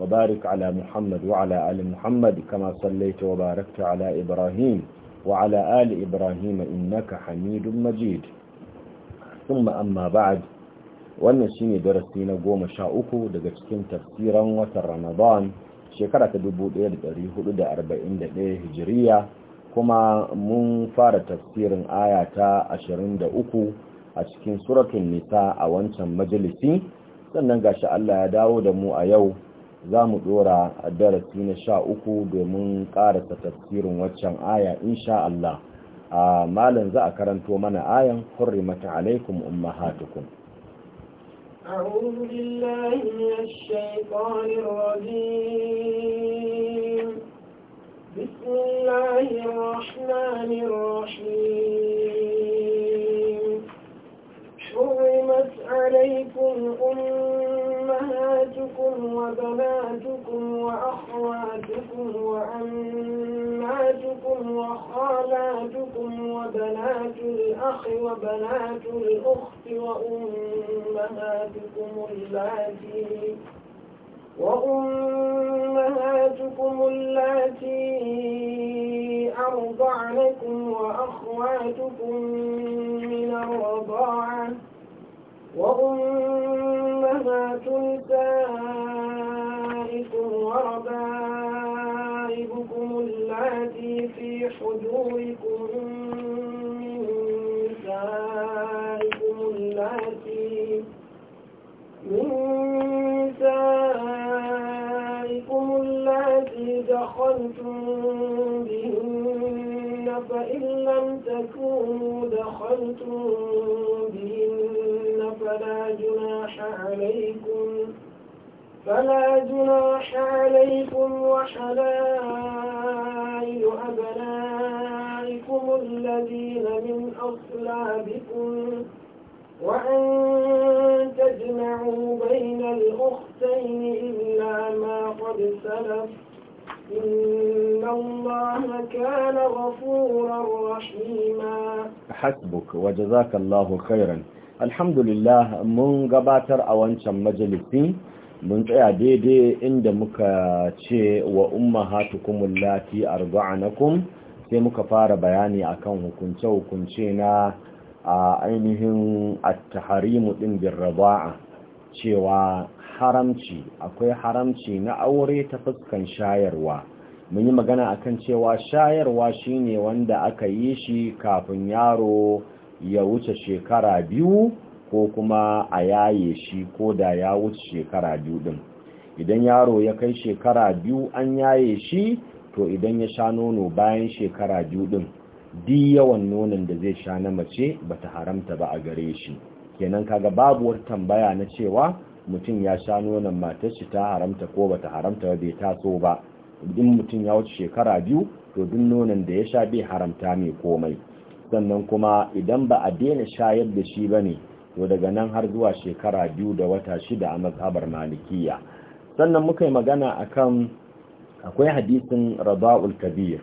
وبارك على محمد وعلى آل محمد كما صليت وباركت على إبراهيم وعلى آل إبراهيم إنك حميد مجيد ثم أما بعد wannan shine darasi na goma sha uku daga cikin tafsiran watan ramadan shekara ta da arba'in 1441 hijiriya kuma mun fara tafsirin aya ta uku a cikin suratun nisa a wancan majalisi sannan gashi Allah ya dawo da mu a yau za mu dora a darasi na sha uku domin karasa tafsirin waccan aya insha Allah a malam za a karanto mana ayan mata alaikum umma hatukun بسم الله الرحمن الرحيم عليكم أمهاتكم وبناتكم وأخواتكم وأماتكم وخالاتكم وبنات الأخ وبنات الأخت وأمهاتكم اللاتي وأمهاتكم اللاتي أرضعنكم وأخواتكم من الرضاعة وأمهاتكم من نسائكم التي دخلتم بهن فإن لم تكونوا دخلتم بهن فلا جناح عليكم فلا جناح عليكم وحلال الذين من أصلابكم وأن تجمعوا بين الأختين إلا ما قد سلف إن الله كان غفورا رحيما حسبك وجزاك الله خيرا الحمد لله من gabatar a wancan majalisi mun tsaya daidai inda muka ce wa ummahatukum allati arda'anakum sai muka fara bayani akan hukunce-hukunce na a ainihin at-taharimu din birraba'a cewa haramci akwai haramci na aure ta fuskan shayarwa mun yi magana akan cewa shayarwa shine wanda aka yi shi kafin yaro ya wuce shekara biyu ko kuma a yaye shi ko da ya wuce shekara biyu din idan yaro ya kai shekara biyu an yaye shi to idan ya sha nono bayan shekara biyu din di yawan nonon da zai sha na mace bata haramta ba a gare shi kenan kaga babu wata tambaya na cewa mutum ya sha nonon matar shi ta haramta ko bata haramta ba bai taso ba in mutum ya wuce shekara biyu to duk nonon da ya sha bai haramta mai komai sannan kuma idan ba a daina shayar da shi ba ne, to daga nan har zuwa shekara biyu da wata shida a mazhabar malikiya sannan muka yi magana akan akwai hadisin rada'ul kabir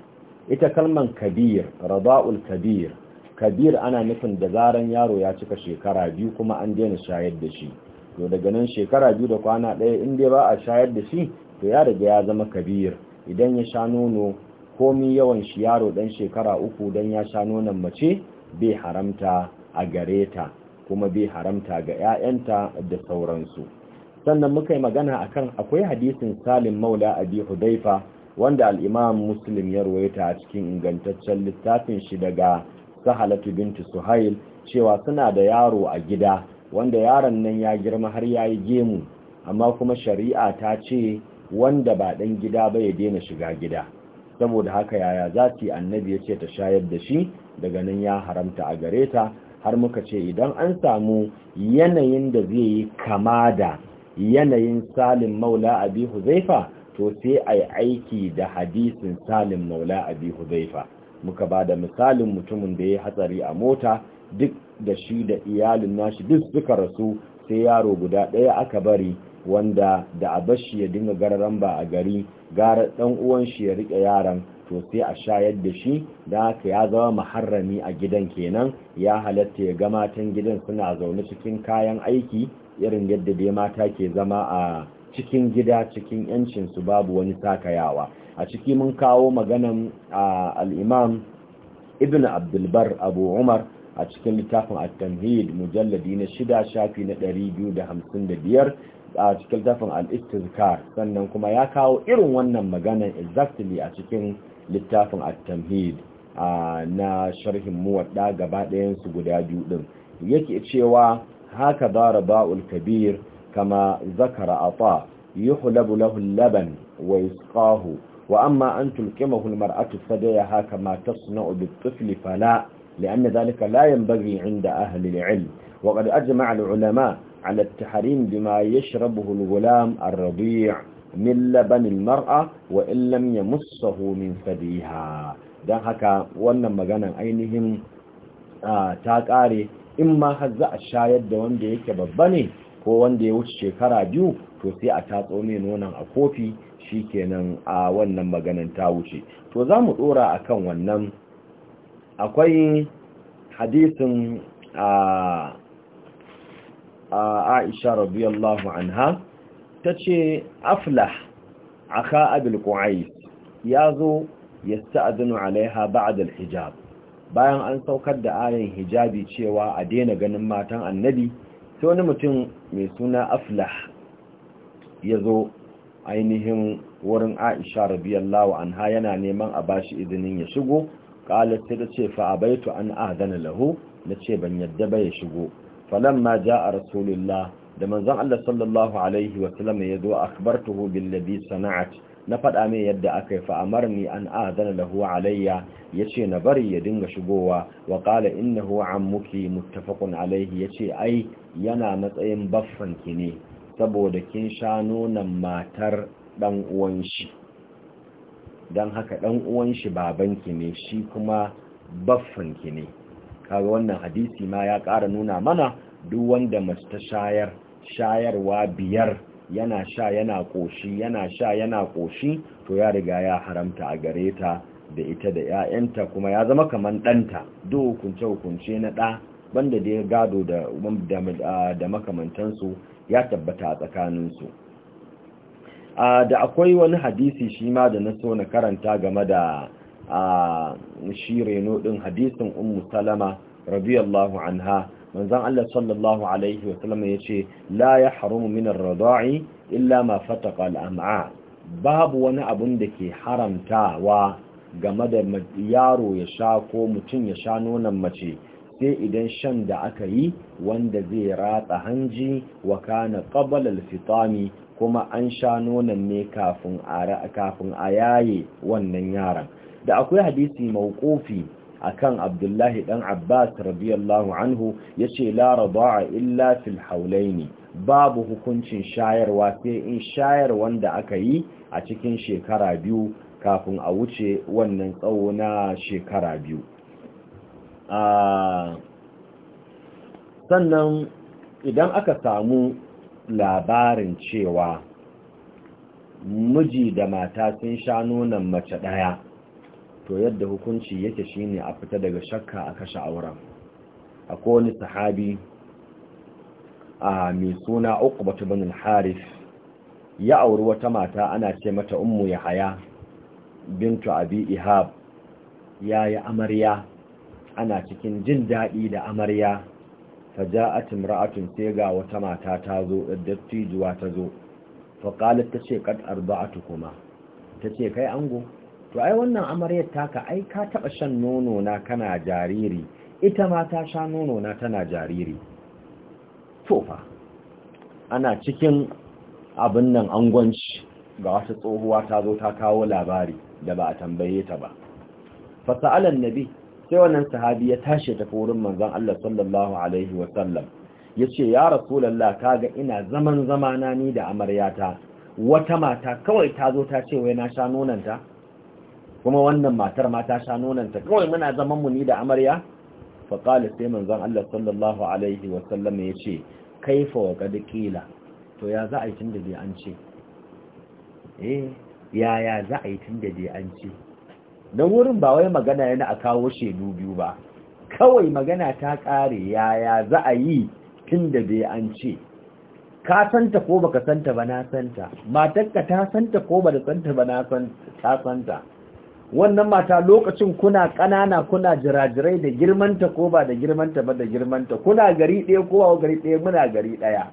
ita kalman kabir rada'ul kabir kabir ana nufin da zaran yaro ya cika shekara biyu kuma an daina shayar da shi to daga nan shekara biyu da kwana ɗaya in dai ba a shayar da shi to ya riga ya zama kabir idan ya sha nono komi yawan shi yaro dan shekara uku dan ya sha nonon mace bai haramta a gare ta kuma bai haramta ga 'ya'yanta da sauransu sannan muka yi magana a kan akwai hadisin salim maula abi hudaifa wanda al'imam muslim ya ruwaita a cikin ingantaccen littafin shi daga sahalatu binti suhail cewa suna da yaro a gida wanda yaron nan ya girma har ya yi gemu amma kuma shari'a ta ce wanda ba ɗan gida ba ya daina shiga gida saboda haka yaya za su annabi ya ce ta shayar da shi daga nan ya haramta a gare ta har muka ce idan an samu yanayin da zai yi kama da yanayin salim maula abi huzaifa to sai a yi aiki da hadisin salim maula abi huzaifa muka ba da misalin mutumin da ya hatsari a mota duk da shi da iyalin nashi duk suka rasu sai yaro guda ɗaya aka bari wanda da a bashi ya dinga gararan ba a gari gara ɗan uwan shi ya riƙe yaran to sai a shayar da shi da haka ya zama maharrami a gidan kenan ya halatta ya ga matan gidan suna zaune cikin kayan aiki irin yadda dai mata ke zama a cikin gida cikin 'yancin su babu wani takayawa a ciki mun kawo maganan al-imam ibn abdulbar abu umar a cikin littafin at tamhid mujalladi na shida shafi na 255 a cikin littafin al-istizkar sannan kuma ya kawo irin wannan maganan exactly a cikin littafin at tamhid na sharhin muwadda gaba ɗayan su guda biyu din yake cewa هكذا رباء الكبير كما ذكر أطاء يحلب له اللبن ويسقاه وأما أن تلقمه المرأة الثدية هكما تصنع بالطفل فلا لأن ذلك لا ينبغي عند أهل العلم وقد أجمع العلماء على التحريم بما يشربه الغلام الرضيع من لبن المرأة وإن لم يمسه من ثديها ده هكا وانا مغانا أينهم ta آه، in ma har za a shayar da wanda yake babba ne ko wanda ya wuce shekara biyu to sai a tatso mai nonon a kofi shi kenan a wannan maganin ta wuce to za mu dora a kan wannan akwai hadisin a aisha radiyallahu anha ta ce aflah aka abil ƙwa'is ya zo ya sta'adinu alaiha ba'ad al-hijab bayan an saukar da ayin hijabi cewa a daina ganin matan annabi sai wani mutum mai suna aflah ya zo ainihin wurin aisha lawa an ha yana neman a bashi izinin ya shigo sai ta ce fa abaitu an ahdana lahu Na ce ban yadda ba ya shigo ja a rasulullah da manzan Allah sallallahu alaihi wa sallam ya zo akhbartuhu billadhi sana'at na faɗa mai yadda aka yi fa'amar ni an azana huwa alayya ya ce na bari ya dinga shigowa wa ƙala inna huwa an muki mutafakun alaihi ya ce ai yana matsayin baffan ki ne saboda kin sha nonon matar ɗan don haka ɗan uwan shi babanki ne shi kuma baffanki ne kaga wannan hadisi ma ya ƙara nuna mana duk wanda mace ta shayar shayarwa biyar yana sha yana ƙoshi yana sha yana ƙoshi to ya riga ya haramta a gare ta da ita da 'ya'yanta kuma ya zama kaman ɗanta duk hukunce-hukunce na ɗa banda da ya gado da makamantansu ya tabbata a tsakaninsu da akwai wani hadisi shi ma da na so na karanta game da shi reno ɗin hadisin ummu salama radiyallahu anha manzon Allah sallallahu alaihi wa ya ce la yahrumu min minar radai illa ma fataqa babu wani abun da ke haramtawa game da yaro ya sha ko mutum ya sha nonon mace sai idan shan da aka yi wanda zai ratsa hanji wa kana qabla fitami kuma an sha nonon ne kafin a yaye wannan yaran da akwai hadisi mawqufi akan abdullahi dan abbas radiyallahu anhu yace la rada'a illa fil haulaini babu hukuncin shayarwa sai in shayar wanda aka yi a cikin shekara biyu kafin a wuce wannan tsawo na shekara biyu sannan idan aka samu labarin cewa miji da mata sun sha nonon mace ɗaya to yadda hukunci yake shine a fita daga shakka a kashe auren akwai wani sahabi a mai suna uku batu al ya auri wata mata ana ce mata ummu yahaya bintu abi ihab yi amarya ana cikin jin daɗi da amarya faja'at imra'atun sai ga wata mata ta zo dattijuwa ta zo ta ce ƙad'ar tace tukuma. Ta ce kai ango to ai wannan amaryar taka ai ka taba shan nono na kana jariri ita ma ta sha nono na tana jariri to ana cikin abin nan angwanci ga wasu tsohuwa ta zo ta kawo labari da ba a tambaye ta ba fasa'alan nabi sai wannan sahabi ya tashi tafi wurin manzon Allah sallallahu alaihi wa sallam yace ya rasulullah kaga ina zaman zamana ni da amaryata wata mata kawai ta zo ta ce wai na sha nonanta kuma wannan matar ma ta sha nonanta kawai muna zaman mu ni da amarya fa qala sai manzon Allah sallallahu alaihi wa sallam ya ce kaifa wa qad qila to ya za a yi tunda dai an ce eh ya ya za a yi tunda dai an ce dan wurin ba wai magana yana a kawo shedu biyu ba kawai magana ta kare ya ya za a yi tunda dai an ce ka santa ko baka santa ba na santa matarka ta santa ko ba da santa ba na santa ta santa wannan mata lokacin kuna ƙanana kuna jirajirai da girmanta ko ba da girmanta ba da girmanta kuna gari ɗaya ko ba gari ɗaya muna gari ɗaya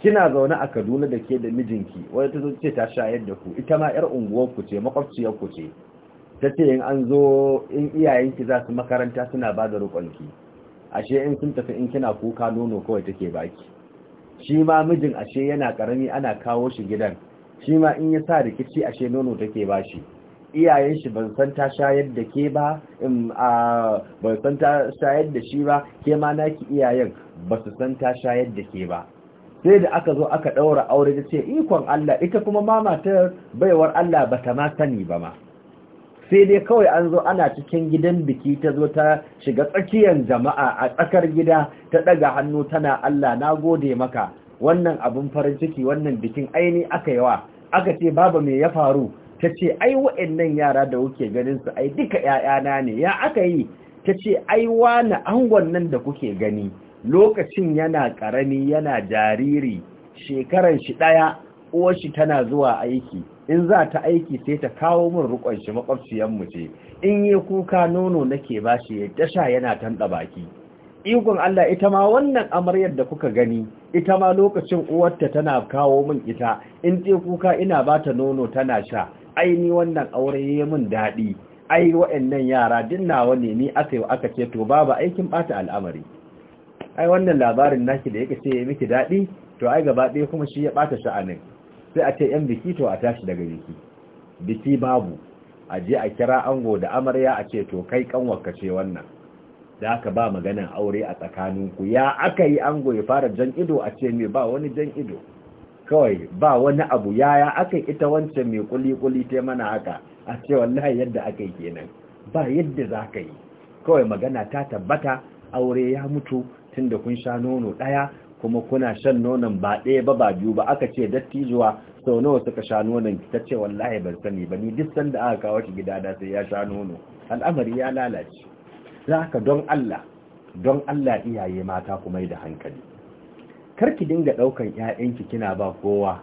kina zaune a Kaduna da ke da mijinki wani ta ce ta shayar da ku ita ma 'yar unguwar ku ce makwabciyar ku ce ta ce in an zo in iyayenki za su makaranta suna ba da rukonki ashe in sun tafi in kina kuka nono kawai take baki shi ma mijin ashe yana karami ana kawo shi gidan shi ma in ya sa rikici ashe nono take bashi iyayen shi ban san ta shayar da ke ba ban san ta shayar da shi ba ke ma naki iyayen ba su san ta shayar da ke ba sai da aka zo aka ɗaura aure da ce ikon Allah ita kuma mama ta baiwar Allah ba ta ma sani ba ma sai dai kawai an zo ana cikin gidan biki ta zo ta shiga tsakiyar jama'a a tsakar gida ta ɗaga hannu tana Allah na gode maka wannan abin farin ciki wannan bikin aini aka yawa aka ce babu me ya faru ta ce ai wa'annan yara da kuke ganin su ai duka ‘ya'yana ne ya aka yi ta ce ai wani angon nan da kuke gani lokacin yana karami yana jariri shekaran shi ɗaya uwar shi tana zuwa aiki in za ta aiki sai ta kawo min rukon shi makwabciyanmu ce in yi kuka nono nake ba shi ya tasha yana tanɗa baki ikon Allah ita ma wannan amaryar da kuka gani ita ma lokacin uwarta tana kawo min ita in ce kuka ina bata nono tana sha aini wannan aure ya min daɗi ai waɗannan yara dinnawa ne ni aka aka ce to babu aikin bata al'amari ai wannan labarin naki da yake ce ya miki daɗi to ai gaba ɗaya kuma shi ya bata sha'anin sai a ce yan biki to a tashi daga biki biki babu a je a kira ango da amarya a ce to kai kanwarka ce wannan da aka ba maganan aure a tsakaninku ya aka yi ango ya fara jan ido a ce me ba wani jan ido kawai ba wani abu yaya aka ita wancan mai kuli-kuli ta mana haka a ce wallahi yadda aka yi kenan ba yadda za ka yi kawai magana ta tabbata aure ya mutu tunda kun sha nono ɗaya kuma kuna shan nonon ba ɗaya ba ba biyu ba aka ce dattijuwa sau nawa suka sha nonon ta ce wallahi ban sani ba ni duk sanda aka kawo shi gida da sai ya sha nono al'amari ya lalace za ka don Allah don Allah iyaye mata kuma yi da hankali kar ki dinga ɗaukan ƴaƴanki kina ba kowa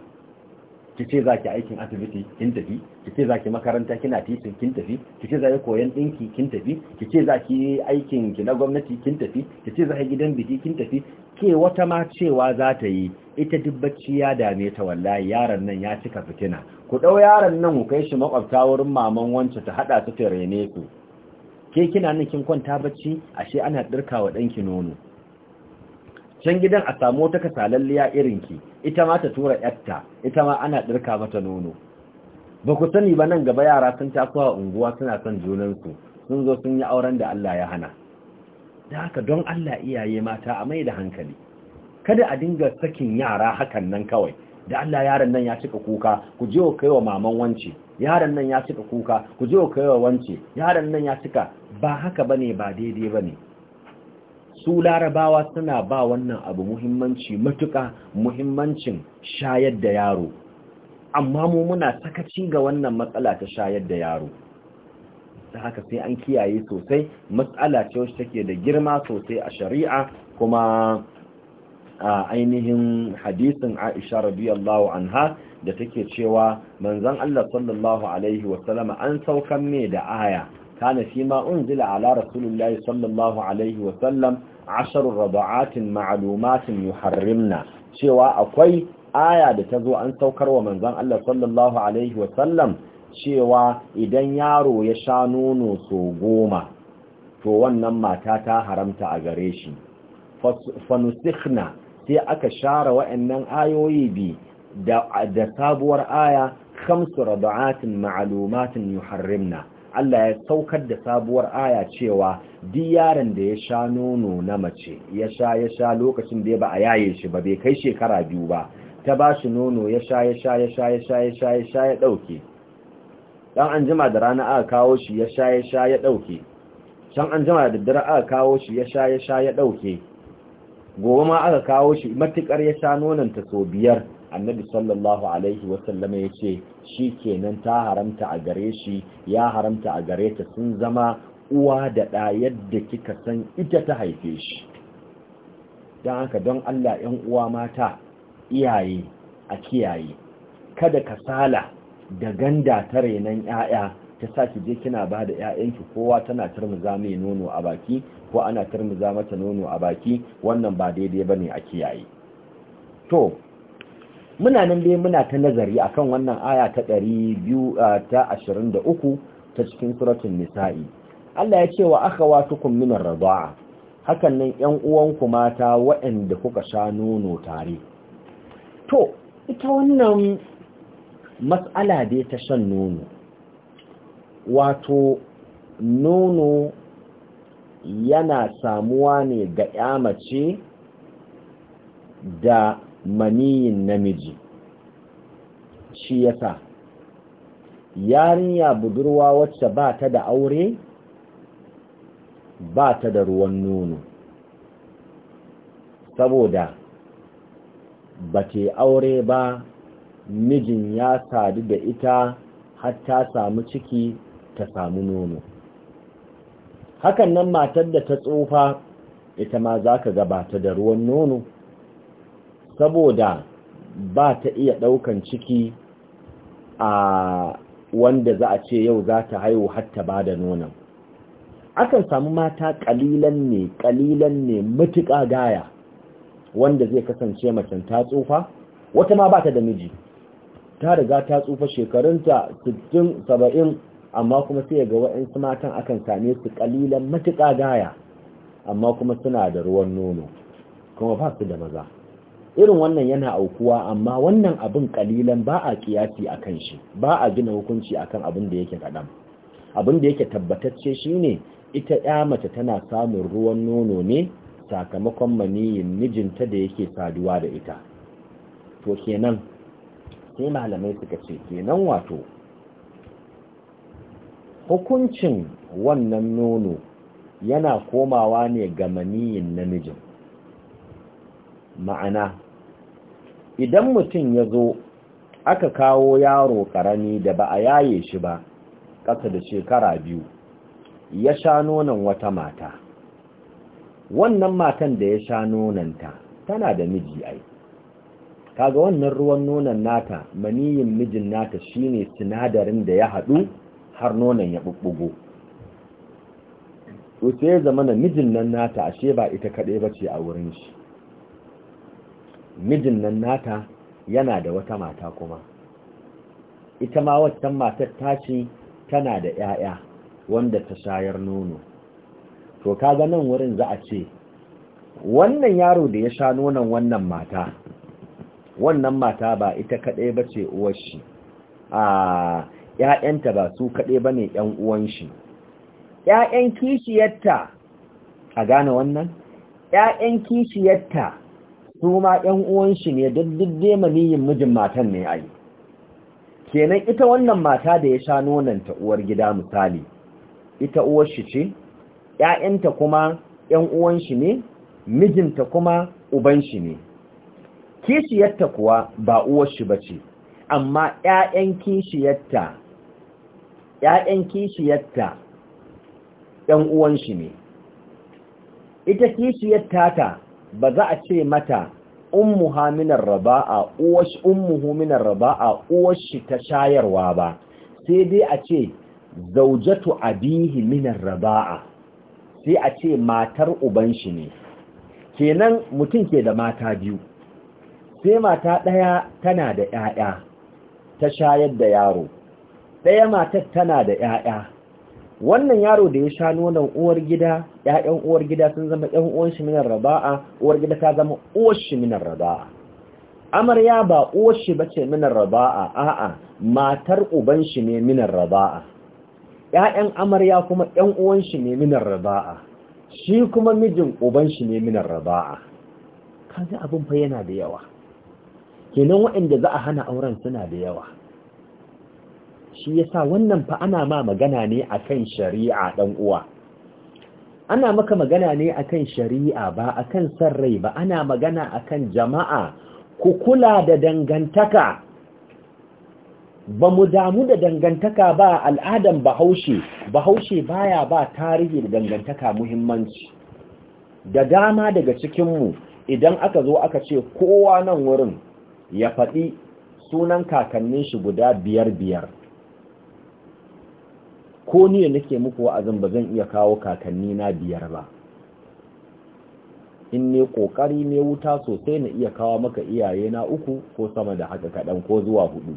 ki ce za ki aikin asibiti kin tafi ki ce za ki makaranta kina titin kin tafi ki ce za ki koyan ɗinki kin tafi ki ce za ki aikin ki na gwamnati kin tafi ki ce za ki gidan biki kin tafi ke wata ma cewa za ta yi ita duk bacci ya dame ta wallahi yaron nan ya cika fitina ku ɗau yaron nan ku kai shi makwabta wurin maman wancan ta haɗa su ta rene ku ke kina nan kin kwanta bacci ashe ana ɗirka wa ɗanki nono can gidan a samu wata kasalalliya ki, ita ma ta tura yatta ita ma ana ɗirka mata nono ba ku sani ba nan gaba yara sun taso a unguwa suna son junansu sun zo sun yi auren da Allah ya hana da haka don Allah iyaye mata a mai da hankali kada a dinga sakin yara hakan nan kawai da Allah yaran nan ya cika kuka ku je ku kaiwa maman wance yaran nan ya cika kuka ku je ku kaiwa wance yaran nan ya cika ba haka bane ba daidai bane su larabawa suna ba wannan abu muhimmanci matuƙa muhimmancin shayar da yaro amma mu muna sakaci ga wannan matsala ta shayar da yaro ta haka sai an kiyaye sosai matsala ta wacce take da girma sosai a shari'a kuma a ainihin hadisin Aisha radiyallahu anha da take cewa manzon Allah sallallahu alaihi wa sallam, an saukan ne da aya kana fi ma unzila ala rasulullahi sallallahu alaihi wa sallam. ashar raba'atin ma'lumatin yuharrimna cewa akwai aya da ta zo an saukar wa manzon Allah sallallahu alaihi wa sallam cewa idan yaro ya sha nono so goma to wannan mata ta haramta a gare shi fanusikhna sai aka share waɗannan ayoyi bi da sabuwar aya khamsu raba'atin ma'lumatin yuharrimna Allah ya saukar da sabuwar aya cewa duk yaron da ya sha nono na mace ya sha ya sha lokacin da ya ba a yaye shi ba bai kai shekara biyu ba ta ba shi nono ya sha ya sha ya sha ya sha ya sha ya sha ya dauke dan an jima da rana aka kawo shi ya sha ya sha ya dauke can an jima da daddare aka kawo shi ya sha ya sha ya dauke gobe ma aka kawo shi matukar ya sha nonon ta so biyar annabi sallallahu alaihi wasallama ya ce shi kenan ta haramta a gare shi ya haramta a gare ta sun zama uwa da ɗa yadda kika san ita ta haife shi don haka don allah yan uwa mata iyaye a kiyaye kada ka sala da ganda ta renon 'ya'ya ta sa ki je kina ba da 'ya'yanki kowa tana turmuza mai nono a baki ko ana turmuza mata nono a baki wannan ba daidai ba ne a kiyaye to muna nan dai muna ta nazari akan wannan aya ta 223 ta cikin suratul nisa'i Allah ya ce wa akhawatukum ar radha'a hakan nan ƴan uwanku mata waɗanda kuka sha nono tare to ita wannan mas'ala dai ta shan nono wato nono yana samuwa ne ga ƴa mace da maniyin namiji shi yasa yarinya budurwa wacce ba ta da aure ba ta da ruwan nono saboda ba ta aure ba mijin ya sadu da ita har ta samu ciki ta samu nono hakan nan matar da ta tsufa ita ma za ka gabata da ruwan nono saboda ba ta iya ɗaukan ciki a wanda za a ce yau za ta haihu hatta ba da nonon akan samu mata ƙalilan ne ƙalilan ne matuƙa gaya wanda zai kasance macen ta tsufa wata ma ba ta da miji ta riga ta tsufa shekarunta sittin, saba'in, amma kuma sai ga waɗansu matan akan same su ƙalilan matuƙa gaya amma kuma suna da ruwan nono kuma ba su da maza irin wannan yana aukuwa amma wannan abin kalilan ba a kiyasi a kan shi ba a gina hukunci akan abin da yake kaɗan abin da yake tabbatacce ne ita ya mace tana samun ruwan nono ne sakamakon maniyin mijinta da yake saduwa da ita to kenan sai malamai suka ce kenan wato hukuncin wannan nono yana komawa ne ga maniyin namijin ma'ana idan mutum ya zo aka kawo yaro ƙarami da ba a yaye shi ba ƙasa da shekara biyu ya sha nonon wata mata wannan matan da ya sha nononta tana da miji ai kaga wannan ruwan nonon nata maniyin mijin nata shine sinadarin da ya haɗu har nonon ya ɓuɓɓugo to sai ya zama na mijin nan nata ashe ba ita kaɗai ba ce a wurin shi mijin nan nata yana da wata mata kuma ita ma waccan matar ta ce tana da 'ya'ya wanda ta shayar nono to kaga nan wurin za a ce wannan yaro da ya sha nonon wannan mata wannan mata ba ita kaɗai ba ce uwar shi a ‘ya'yanta ba su kaɗai ba ne ‘yan uwan shi ‘ya'yan kishiyarta a gane wannan ‘ya'yan kishiyarta su ma ‘yan uwan shi ne daddade maniyin mijin matan ne ai kenan ita wannan mata da ya sha ta uwar gida misali ita uwar shi ce ‘ya'yanta kuma ‘yan uwan shi ne mijinta kuma uban shi ne kishiyarta kuwa ba uwar shi ba ce amma ‘ya'yan kishiyarta ‘ya'yan kishiyarta ‘yan uwan shi ne ita kishiyar ta. ba za a ce mata ummu minar raba'a uwash ummu raba'a uwashi ta shayarwa ba sai dai a ce zaujatu abihi minar raba'a sai a ce matar uban shi ne kenan mutum ke da mata biyu sai mata ɗaya tana da 'ya'ya ta shayar da yaro ɗaya matar tana da 'ya'ya wannan yaro da ya sha nonon uwar gida ƴaƴan uwar gida sun zama ƴan uwan shi minar raba'a uwar gida ta zama uwar shi minar raba'a amarya ba uwar shi bace minar raba'a a'a matar uban shi ne minar raba'a ƴaƴan amarya kuma 'yan uwan shi ne minar raba'a shi kuma mijin uban shi ne minar raba'a kaga abin fa yana da yawa kenan waɗanda za a hana auren suna da yawa shi yasa wannan fa ana ma magana ne akan shari'a dan uwa ana maka magana ne akan shari'a ba akan san rai ba ana magana akan jama'a ku kula da dangantaka ba mu damu da dangantaka ba al'adan bahaushe bahaushe baya ba tarihi da dangantaka muhimmanci da dama daga cikinmu idan aka zo aka ce kowa nan wurin ya faɗi sunan kakannin shi guda biyar biyar ko ni da nake muku wa'azin ba zan iya kawo kakanni na biyar ba in ne kokari ne wuta sosai na iya kawo maka iyaye na uku ko sama da haka kaɗan ko zuwa hudu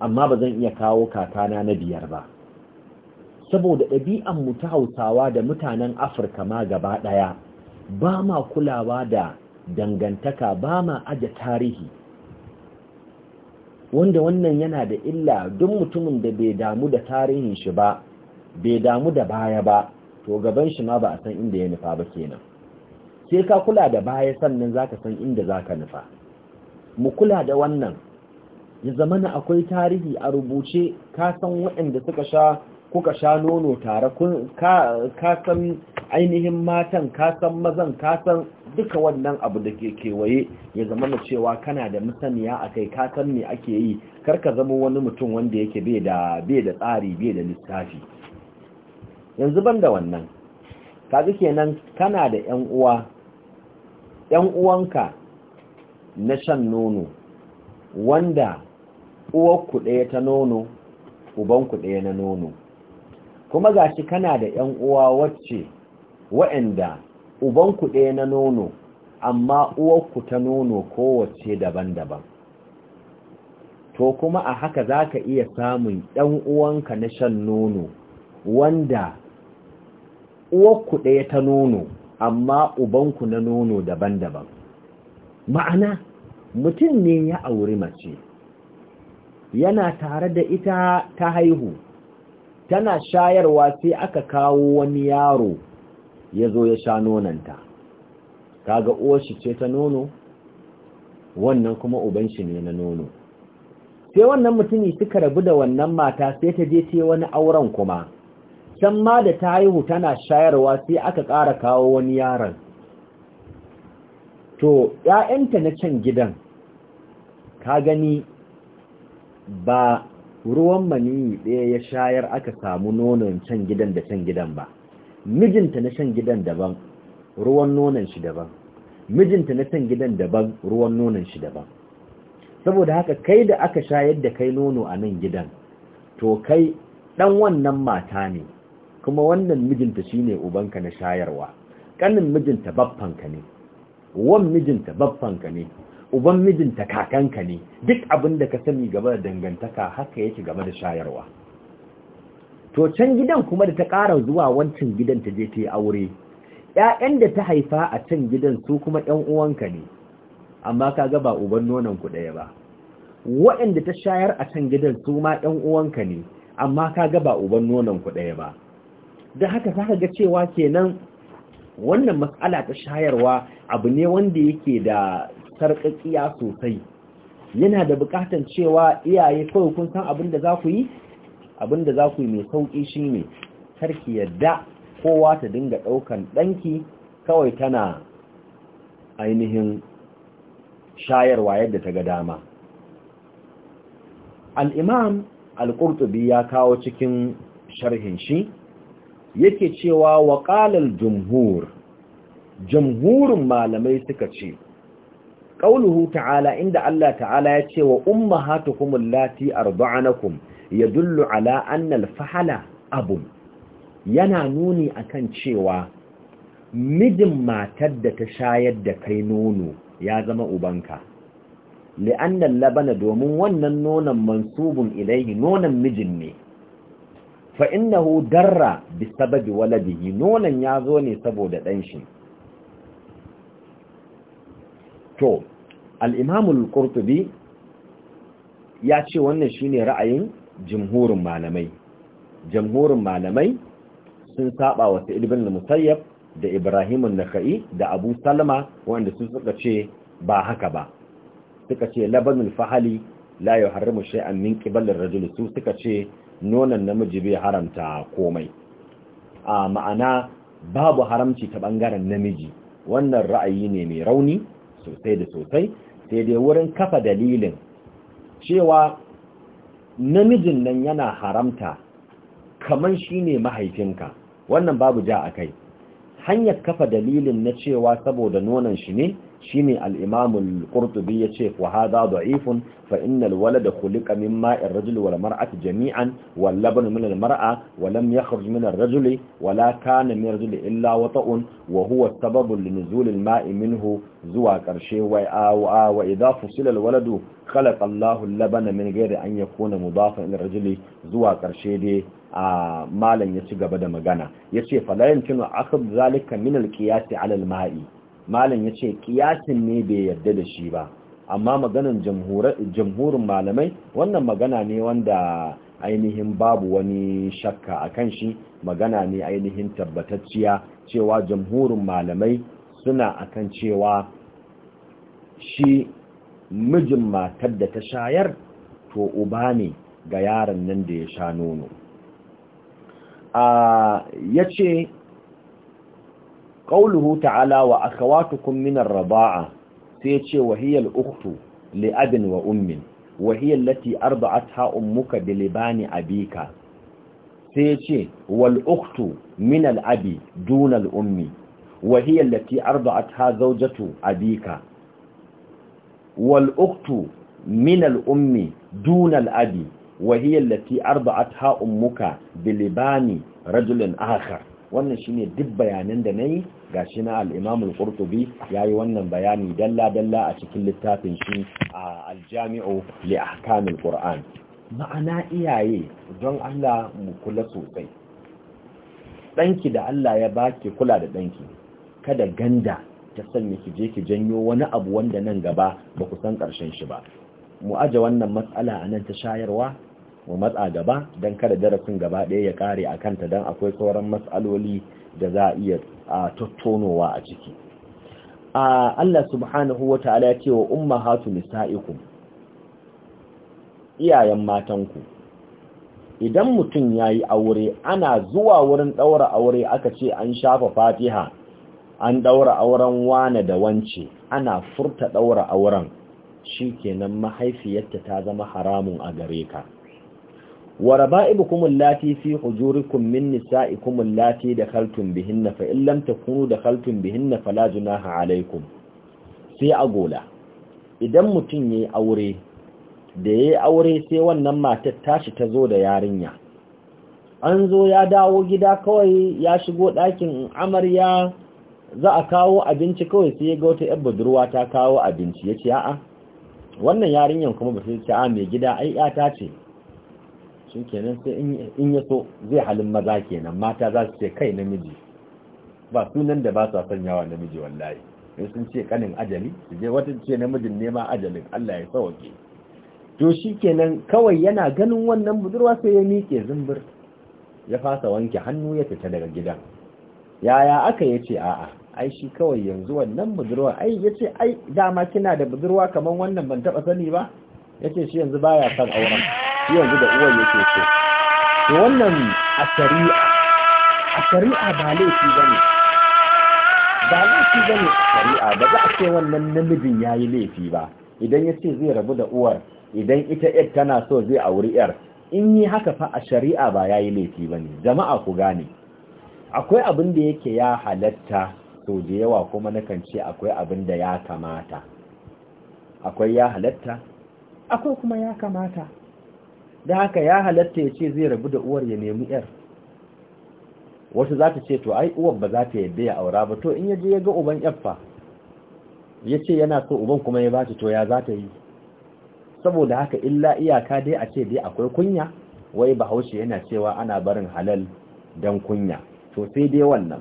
amma ba zan iya kawo kakana na biyar ba saboda ɗabi'an mu ta hausawa da mutanen afirka ma gaba ɗaya ba ma kulawa da dangantaka ba ma aje tarihi wanda wannan yana da illa duk mutumin da bai damu da tarihin shi ba bai damu da baya ba to gaban shi ma ba a san inda ya nufa ba kenan sai ka kula da baya sannan zaka san inda zaka nufa mu kula da wannan ya zamana akwai tarihi a rubuce ka san waɗanda suka sha kuka sha nono tare ka san ainihin matan ka san mazan ka san duka wannan abu da ke kewaye ya zama na cewa kana da musaniya a kai ka san me ake yi kar ka zama wani mutum wanda yake bai da tsari bai da lissafi yanzu ban da wannan ji kenan kana da yan uwa yan uwanka na shan nono wanda uwarku ɗaya ta nono ubanku ɗaya na nono kuma ga kana da ‘yan uwa wacce wa'yanda ubanku ɗaya na nono amma uwarku ta nono kowace daban-daban to kuma a haka za ka iya samun ‘yan uwanka na shan nono wanda uwarku ɗaya ta nono amma ubanku na nono daban-daban ma'ana mutum ne ya auri mace yana tare da ita ta haihu tana shayarwa sai aka kawo wani yaro ya zo ya sha nonanta kaga uwarshi ce ta nono wannan kuma uban shi ne na nono sai wannan mutumi suka rabu da wannan mata sai ta je ce wani auren kuma can ma da ta haihu tana shayarwa sai aka ƙara kawo wani yaron to ‘ya'yanta na can gidan ka gani ba ruwan maniyi ɗaya ya shayar aka samu nonon can gidan da can gidan ba mijinta na can gidan daban ruwan nonon shi daban mijinta na can gidan daban ruwan nonon shi daban saboda haka kai da aka shayar da kai nono a nan gidan to kai ɗan wannan mata ne kuma wannan mijinta shi ne ubanka na shayarwa ƙanin mijinta baffanka ne wan mijinta baffanka ne uban mijinta kakanka ne duk abin da ka sani gaba da dangantaka haka yake gaba da shayarwa to can gidan kuma da ta ƙara zuwa wancan gidan ta je ta yi aure ‘ya'yan da ta haifa a can gidan su kuma ƴan uwanka ne amma ka ga ba uban nonon ku ɗaya ba waɗanda ta shayar a can gidan su ma ‘yan uwanka ne amma ka ga ba uban nonon ku ɗaya ba da haka za ka ga cewa kenan wannan matsala ta shayarwa abu ne wanda yake da sarƙaƙiya sosai yana da buƙatar cewa iyaye kawai kun san abin da za ku yi abin da za ku yi mai sauƙi shi ne karki yadda kowa ta dinga ɗaukan ɗanki kawai tana ainihin shayarwa yadda ta ga dama al'imam al'urtubi ya kawo cikin sharhin shi yake cewa waƙalar jumhur jumhurin malamai suka ce ƙauluhu ta'ala inda Allah ta'ala ya ce wa ummahatukum allati arda'anakum yadullu ala anna al-fahala abun yana nuni akan cewa mijin matar da ta shayar da kai nono ya zama ubanka li'annan labana domin wannan nonon mansubun ilaihi nonon mijin ne fa innahu darra bisababi waladihi nonon ya zo ne saboda ɗanshi. shi to al'imamul ƙurtubi ya ce wannan shine ra'ayin jamhurin malamai jamhurin malamai sun saba wa sa'id bin musayyab da ibrahim Naka'i da abu salama wanda su suka ce ba haka ba suka ce labanul fahali la yuharrimu shay'an min qibal ar-rajul su suka ce nonon namiji bai haramta komai a ma'ana babu haramci ta ɓangaren namiji wannan ra'ayi ne mai rauni sosai da sosai sai dai wurin kafa dalilin cewa namijin nan yana haramta kaman shine mahaifinka wannan babu ja a kai hanyar kafa dalilin na cewa saboda nonon shi ne shine al-imam al ya yace wa hadha da'ifun fa innal walada khuliqa min ma'ir rajuli wal mar'ati jami'an wa labnu min al-mar'a wa lam yakhruj min rajuli wa la kana min rajuli illa wata'un wa huwa sababu linuzul al-ma'i minhu zuwa karshe wa wa idha waladu khalaqa Allahu al-labana min ghairi an ya mudafan ila ar-rajuli zuwa karshe dai a malam ya ci gaba da magana yace fa la yumkinu akhd zalika min al-qiyas mai malam ya ce kiyasin ne bai yarda da shi ba amma maganan jamhurin malamai wannan magana ne wanda ainihin babu wani shakka a kan shi magana ne ainihin tabbatacciya cewa jamhurin malamai suna akan cewa shi mijin matar da ta shayar to uba ne ga yaron nan da ya sha nono ah, ya ce qauluhu ta'ala wa akhawatukum min ar-raba'a sai ya ce wahiyal ukhtu li abin wa ummin wahiyal lati arda'atha ummuka bi libani abika sai ya ce wal ukhtu min al-abi dun al-ummi wahiyal lati arda'atha zawjatu abika wal ukhtu min al-ummi dun al-abi وهي التي أرضعتها أمك بلبان رجل آخر wannan shine duk bayanan da nayi shi na al-Imam ya yi yayi wannan bayani dalla dalla a cikin littafin shi a aljami'u li Ahkam al ma'ana iyaye don Allah mu kula sosai ɗanki da Allah ya baki kula da ɗanki kada ganda ta sanya ki je ki janyo wani abu wanda nan gaba ba ku san ƙarshen shi ba mu aje wannan matsala a nan ta shayarwa mu matsa gaba don kada darasin gaba ɗaya ya ƙare a kanta don akwai sauran matsaloli da za a iya tattonowa a ciki Allah subhanahu wa ta'ala ce wa umma hatu nisa'ikum iyayen matanku idan mutum ya yi aure ana zuwa wurin ɗaura aure aka ce an shafa fatiha an ɗaura auren wane da wance ana furta ɗaura auren shi kenan mahaifiyarta ta zama haramun a gare ka wa raba'ibukum allati fi hujurikum min nisa'ikum allati dakhaltum bihinna fa in lam takunu dakhaltum bihinna fala junaha alaykum sai agola idan mutun yayi aure da yayi aure sai wannan matar tashi ta zo da yarinya an zo ya dawo gida kawai ya shigo ɗakin amarya za a kawo abinci kawai sai ya ga wata yar budurwa ta kawo abinci ya ce a'a wannan yarinyan kuma ba ta ce mai gida ai ce shi kenan sai in ya so zai halin maza kenan mata za su ce kai namiji ba sunan da ba sa sanyawa namiji wallahi sai sun ce kanin ajali su je wata ce namijin nema ajalin Allah ya sauke to shi kenan kawai yana ganin wannan budurwa sai ya miƙe zumbur ya fasa wanke hannu ya fita daga gidan yaya aka yace a'a ai shi kawai yanzu wannan budurwa ai yace ai dama kina da budurwa kaman wannan ban taba sani ba yace shi yanzu baya san auren shi yanzu da uwan yake so to wannan a shari'a a shari'a ba laifi ba ne ba laifi ba ne a shari'a ba za a ce wannan namijin ya yi laifi ba idan ya ce zai rabu da uwar idan ita yar tana so zai auri yar in yi haka fa a shari'a ba ya yi laifi ba ne jama'a ku gane akwai abin da yake ya halatta so da yawa kuma nakan ce akwai abin da ya kamata akwai ya halatta akwai kuma ya kamata da haka ya halatta ya ce zai rabu da uwar ya nemi yar wasu za ta ce to ai uwar ba za ta yadda ya aura ba to in ya je ya ga uban yaffa ya ce yana so uban kuma ya bata to ya za ta yi saboda haka illa iyaka dai a ce dai akwai kunya wai bahaushe yana cewa ana barin halal don kunya to sai dai wannan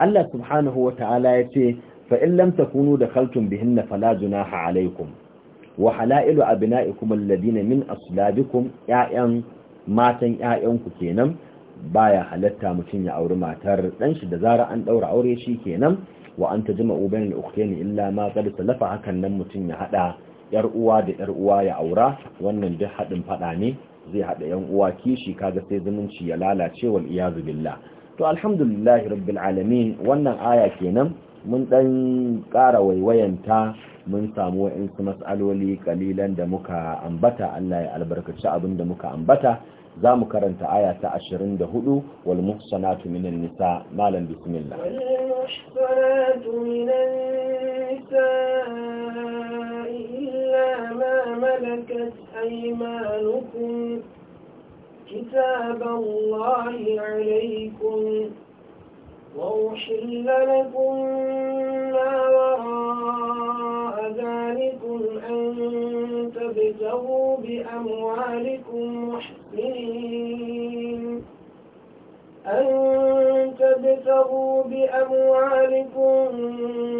Allah subhanahu wa ta'ala ya ce fa'in lam takunu da kaltun bihinna fala junaha alaikum wa halailu abna'ikum alladina min aslabikum yayan matan ya'yanku kenan baya halatta mutum ya auri matar dan shi da zara an daura aure shi kenan wa an jima bainal ukhtayn illa ma qad salafa hakan nan mutum ya hada yar uwa da yar uwa ya aura wannan duk haɗin fada ne zai haɗa yan uwa kishi kaga sai zumunci ya lalace wal iyazu billah to alhamdulillahi rabbil alamin wannan aya kenan mun ɗan ƙara waiwayanta mun samu wa'insu matsaloli kalilan da muka ambata Allah ya albarkaci abin da muka ambata za mu karanta aya ta 24 wal muhsanatu minan nisa malam bismillah wal muhsanatu minan nisa illa ma malakat وأحل لكم ما وراء ذلكم أن تبتغوا بأموالكم محسنين أن تبتغوا بأموالكم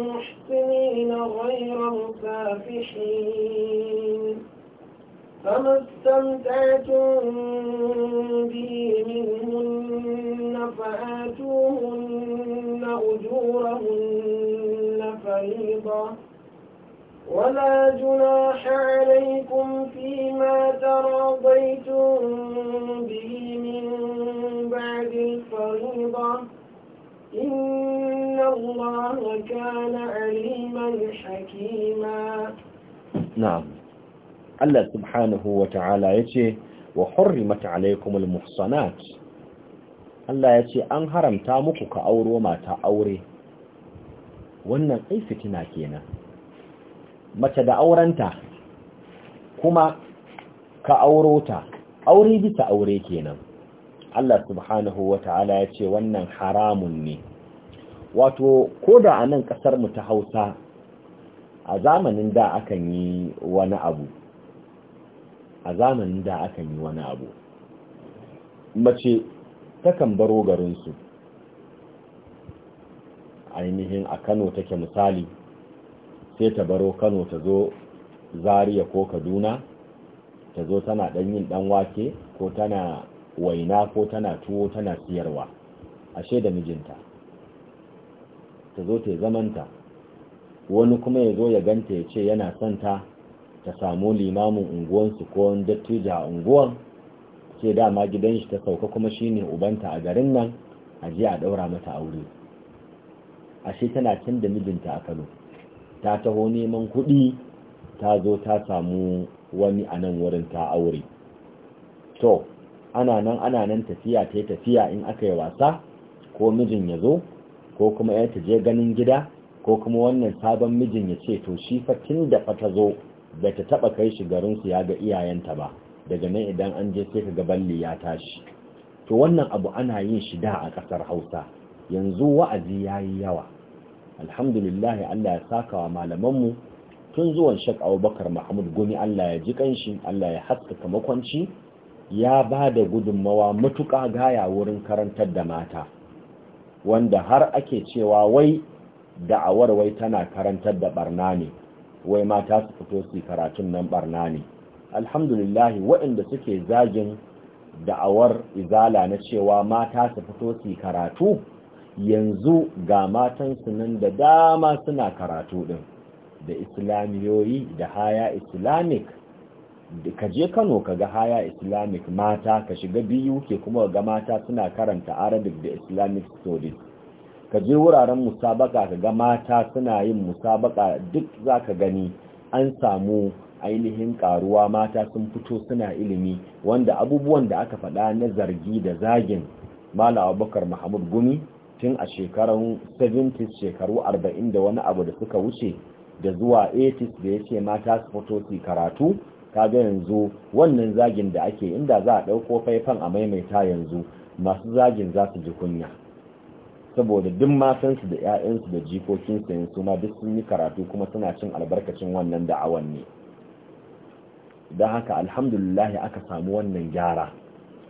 محسنين غير مسافحين فما استمتعتم به منهن فآتوهن أجورهن فريضة ولا جناح عليكم فيما تراضيتم به من بعد الفريضة إن الله كان عليما حكيما نعم الله سبحانه وتعالى يتي وحرمت عليكم المحصنات Allah ya ce an haramta muku ka auro mata aure wannan ai fitina kenan mace da aurenta kuma ka auro ta aure bisa aure kenan Allah subhanahu wata'ala ya ce wannan haramun ne wato ko da a nan kasar mu ta Hausa a zamanin da akan yi wani abu a zamanin da akan yi wani abu mace takan baro garinsu ainihin a kano take misali sai ta baro kano ta zo zariya ko kaduna ta zo tana ɗanyin wake, ko tana waina ko tana tuwo tana siyarwa ashe da mijinta ta zo ta zamanta wani kuma ya zo ya ganta ya ce yana son ta samu limamin unguwansu ko dattijo a unguwan ce dama gidan shi ta sauka kuma shine ubanta a garin nan a a ɗaura mata aure ashe tana cin da mijinta a Kano ta taho neman kuɗi ta zo ta samu wani a nan wurin ta aure to ana nan ana nan tafiya ta tafiya in aka yi wasa ko mijin ya zo ko kuma ya ta je ganin gida ko kuma wannan sabon mijin ya ce to shi fa tun da fa ta zo bai ta taba kai shi garinsu ya ga iyayenta ba daga nan idan an je sai kaga balli ya tashi to wannan abu ana yin shi da a kasar Hausa yanzu wa'azi yayi yawa alhamdulillah Allah ya saka wa malaman mu tun zuwan Sheikh Abubakar Mahmud Gumi Allah ya ji kanshi Allah ya haskaka makwanci ya ba da gudunmawa matuƙa gaya wurin karantar da mata wanda har ake cewa wai da'awar wai tana karantar da barna ne wai mata su fito su karatun nan barna ne alhamdulillahi waɗanda suke zagin da'awar izala na cewa mata su fito su karatu yanzu ga matan su nan da dama suna karatu din da islamiyoyi da haya islamic ka je kano kaga haya islamic mata ka shiga biyu ke kuma ga mata suna karanta arabic da islamic stories Kaje wuraren musabaka ka ga mata suna yin musabaka duk za ka gani an samu ainihin karuwa mata sun fito suna ilimi wanda abubuwan da aka faɗa na zargi da zagin mala abubakar muhammad gumi tun a shekarun 70s shekaru 40 da wani abu da suka wuce da zuwa 80s da ya ce mata su fito su karatu ga yanzu wannan zagin da ake inda za a ɗauko faifan a maimaita yanzu masu zagin za su ji kunya saboda duk matansu da 'ya'yansu da jikokinsu yanzu ma duk sun yi karatu kuma suna cin albarkacin wannan da'awan ne don haka alhamdulillah aka samu wannan gyara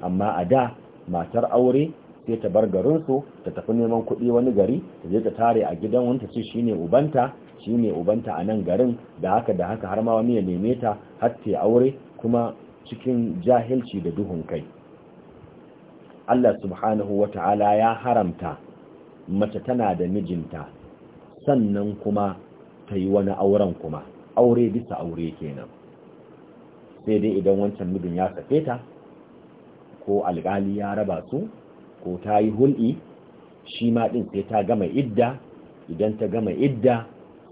amma a da matar aure sai ta bar garinsu ta tafi neman kuɗi wani gari ta je ta tare a gidan wanta ce shine ubanta shine ubanta a nan garin da haka da haka har ma wani ya neme ta har ta aure kuma cikin jahilci da duhun kai Allah subhanahu wa ta'ala ya haramta mace tana da mijinta sannan kuma ta yi wani auren kuma aure bisa aure kenan sai dai idan wancan mijin ya safe ta ko alƙali ya raba su ko ta yi hul'i shi ma ɗin sai ta gama idda idan ta gama idda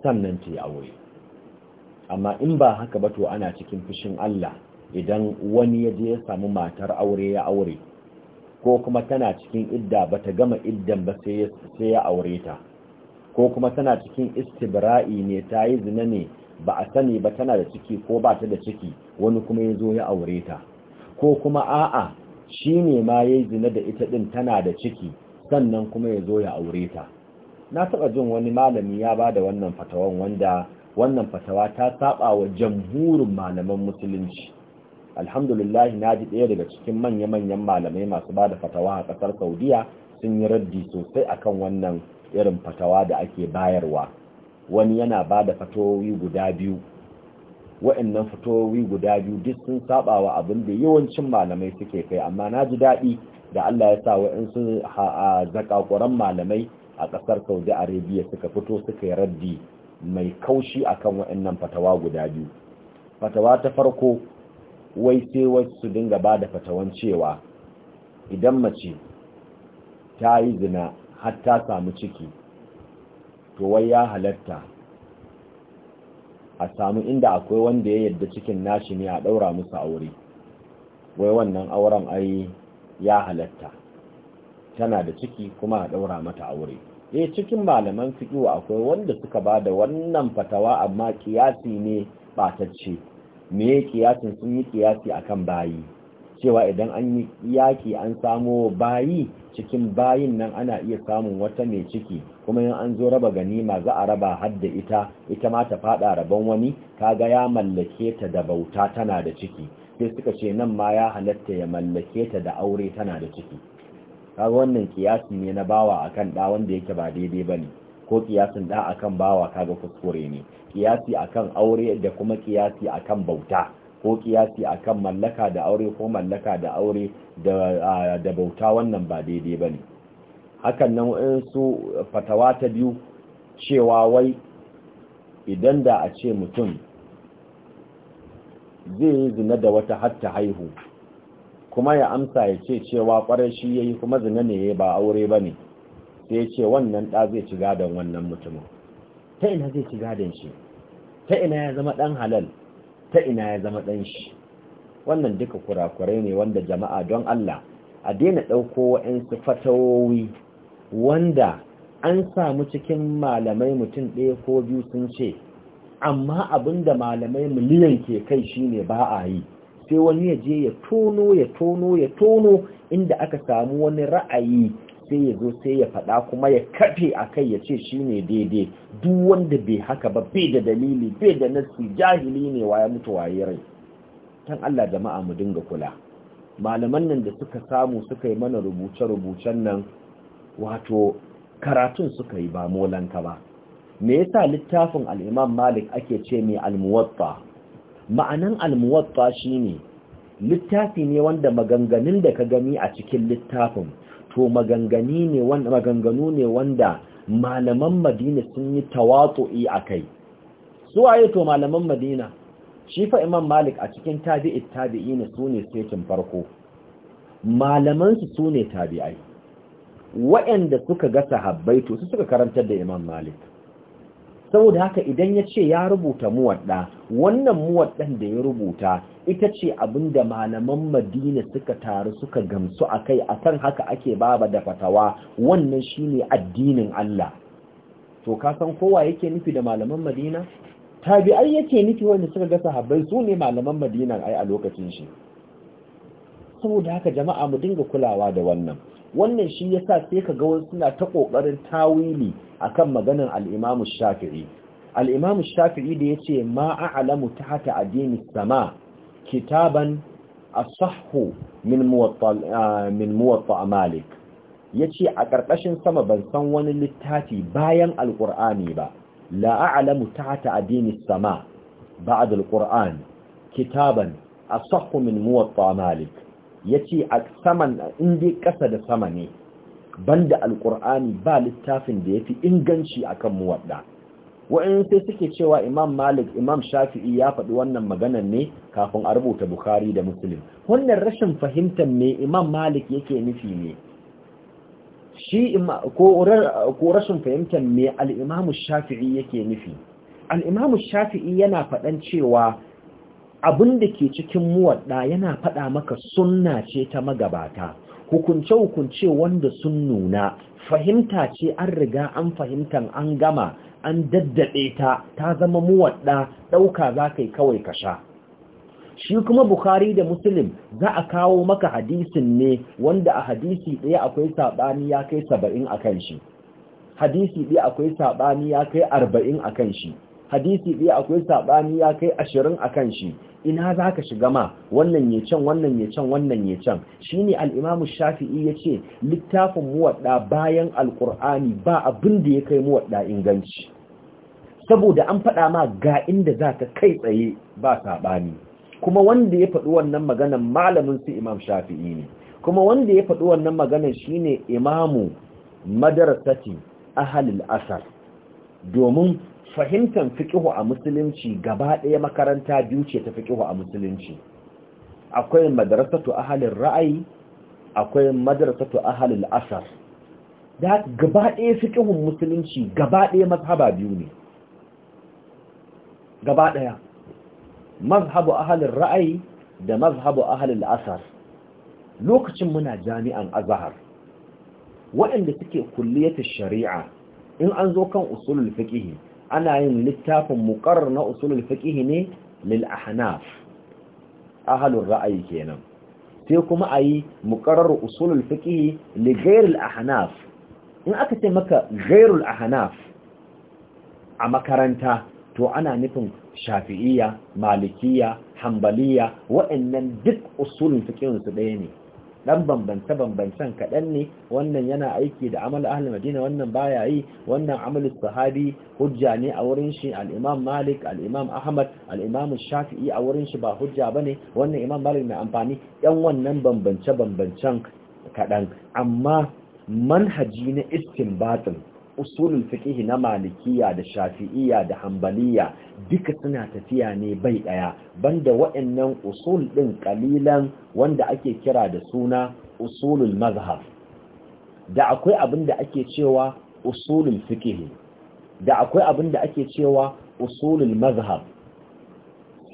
sannan ta yi aure amma in ba haka ba to ana cikin fushin Allah idan wani ya je ya samu matar aure ya aure ko kuma tana cikin idda ba ta gama iddan ba sai ya aure ta ko kuma tana cikin istibra'i ne ta yi zina ne ba a sani ba tana da ciki ko ba ta da ciki wani kuma ya zo ya aure ta ko kuma a'a shi ne ma ya yi zina da ita din tana da ciki sannan kuma ya zo ya aure ta na taɓa jin wani malami ya ba da wannan fatawan wanda wannan fatawa ta saba wa jamhurin malaman musulunci alhamdulillah na ji ɗaya daga cikin manya-manyan malamai masu ba da fatawa a ƙasar saudiya sun yi raddi sosai akan wannan irin fatawa da ake bayarwa wani yana ba da fatowi guda biyu wa'annan fatowi guda biyu duk sun saba wa abin da yawancin malamai suke kai amma na ji daɗi da Allah ya sa a zakakuran malamai a ƙasar saudi arabia suka fito suka yi raddi mai kaushi a akan wa'annan fatawa guda biyu fatawa ta farko wai sai wasu dinga ba da fatawan cewa idan mace ta yi zina har ta samu ciki to wai ya halatta a samu inda akwai wanda ya yadda cikin nashi ne a ɗaura musu aure wai wannan auren ai ya halatta tana da ciki kuma a ɗaura mata aure eh cikin malaman wa akwai wanda suka ba da wannan fatawa amma kiyasi ne ɓatacce me kiyasin sun yi kiyasi akan bayi cewa idan an yi yaƙi an samo bayi cikin bayin nan ana iya samun wata mai ciki kuma in an zo raba ganima za a raba hadda ita ita ma ta fada rabon wani kaga ya mallake ta da bauta tana da ciki sai suka ce nan ma ya halatta ya mallake ta da aure tana da ciki kaga wannan kiyasi ne na bawa akan da wanda yake ba daidai bane ko kiyasin da akan bawa kaga kuskure ne kiyasi akan aure da kuma kiyasi akan bauta ko kiyasi akan mallaka da aure ko mallaka da aure da bauta wannan ba daidai bane hakan nan waɗansu fatawa ta biyu cewa wai idan da a ce mutum zai yi zina da wata hatta haihu kuma ya amsa ya ce cewa kwarar shi ya yi kuma zina ne ya ba aure ba ne sai ya ce wannan ɗa zai ci gadon wannan mutumin ta ina zai ci gadon shi ta ina ya zama ɗan halal ta ina ya zama ɗan shi wannan duka kurakurai ne wanda jama'a don Allah a daina ɗauko wa'insu fatawowi wanda an samu cikin malamai mutum ɗaya ko biyu sun ce amma abinda malamai miliyan ke kai shine ba a yi sai wani ya je ya tono ya tono ya tono inda aka samu wani ra'ayi sai ya zo sai ya faɗa kuma ya kafe a kai ya ce shi daidai duk wanda bai haka ba bai da dalili bai da nasi jahili ne wa ya mutu waye rai tan Allah jama'a mu dinga kula malaman nan da suka samu suka yi mana rubuce-rubucen nan wato karatun suka yi ba molanka ba me yasa littafin al-Imam Malik ake ce mai al-Muwatta ma'anan al-Muwatta shine littafi ne wanda maganganun da ka gani a cikin littafin to magangani ne wanda maganganu ne wanda malaman Madina sun yi tawatu'i akai waye to malaman Madina shi fa Imam Malik a cikin tabi'i ne sune sekin farko malaman su sune tabi'ai waɗanda suka ga sahabbai to su suka karantar da imam malik saboda haka idan ya ce ya rubuta muwadda wannan muwaddan da ya rubuta ita ce abinda malaman madina suka taru suka gamsu a kai a kan haka ake baba da fatawa wannan shine addinin Allah to ka san kowa yake nufi da malaman madina tabi'ai yake nufi wanda suka ga sahabbai su ne malaman madina ai a lokacin shi saboda haka jama'a mu dinga kulawa da wannan wannan shi yasa sai ka ga wasu suna ta ƙoƙarin tawili a kan al-Imam Shafi'i al-Imam Shafi'i da yace ma a'lamu hata adini sama kitaban sahu min muwatta min muwatta Malik yace a ƙarƙashin sama ban san wani littafi bayan Alƙur'ani ba la a'lamu hata addini sama ba'da al-Qur'an kitaban asahhu min muwatta Malik ya ce a saman in dai ƙasa da sama ne banda alƙur'ani ba littafin da ya fi inganci a kan muwadda wa'in sai suke cewa imam malik imam shafi'i ya faɗi wannan maganan ne kafin a rubuta bukhari da musulun wannan rashin fahimtar me imam malik yake nufi ne shi ko rashin fahimtar me al'imamu shafi'i yake nufi al'imamu shafi'i yana faɗan cewa abin da ke cikin muwadda yana faɗa maka sunna ce ta magabata hukunce-hukunce wanda sun nuna fahimta ce an riga an fahimtan an gama an daddade ta ta zama muwadda ɗauka za ka yi kawai ka sha shi kuma Bukhari da Muslim za a kawo maka hadisin ne wanda a hadisi ɗaya akwai saɓani ya kai saba'in a shi hadisi ɗaya akwai saɓani ya kai arba'in akan shi hadisi ɗaya akwai saɓani ya kai ashirin a kan shi ina za ka shiga ma wannan ya can wannan ya can wannan ya can shi ne al'imamu shafi'i ya ce littafin muwaɗa bayan alƙur'ani ba abin da ya kai muwaɗa inganci saboda an faɗa ma ga inda za ka kai tsaye ba saɓani kuma wanda ya faɗi wannan maganan malamin su imam shafi'i ne kuma wanda ya faɗi wannan maganan shine imamu madarasati ahalil asar domin fahimtar fiƙihu a musulunci gaba ɗaya makaranta biyu ce ta fiƙihu a musulunci akwai madarasatu ahalin ra'ayi akwai madarasatu ahalin asar da gaba ɗaya fiƙihun musulunci gaba ɗaya mazhaba biyu ne gaba ɗaya mazhabu ahalin ra'ayi da mazhabu ahalin asar lokacin muna jami'an azahar waɗanda suke kulliyatar shari'a in an zo kan usulul fiƙihi ana yin littafin muqarrar na usulul fiqh ne lil ahnaf ahlur ra'ayi kenan sai kuma ayi muqarrar usulul fiqh li ghairil ahnaf in aka ce maka ghairul ahnaf a makaranta to ana nufin shafi'iyya malikiyya hambaliya waɗannan duk usulun fiƙinsu ɗaya ne dan bambance bambancen kaɗan ne wannan yana aiki da amal ahli madina wannan baya yi wannan amal sahabi hujja ne a wurin shi al-imam malik al-imam ahmad al-imam shafi'i a wurin shi ba hujja bane wannan imam malik mai amfani yan wannan bambance bambancen kaɗan amma manhaji na istinbatin usulul fiqh na malikiya da shafi'iyya da hanbaliya duka suna tafiya ne bai daya banda wa'annan usul din kalilan wanda ake kira da suna usulul mazhab da akwai abin da ake cewa usulul fiqh da akwai abinda ake cewa usulul mazhab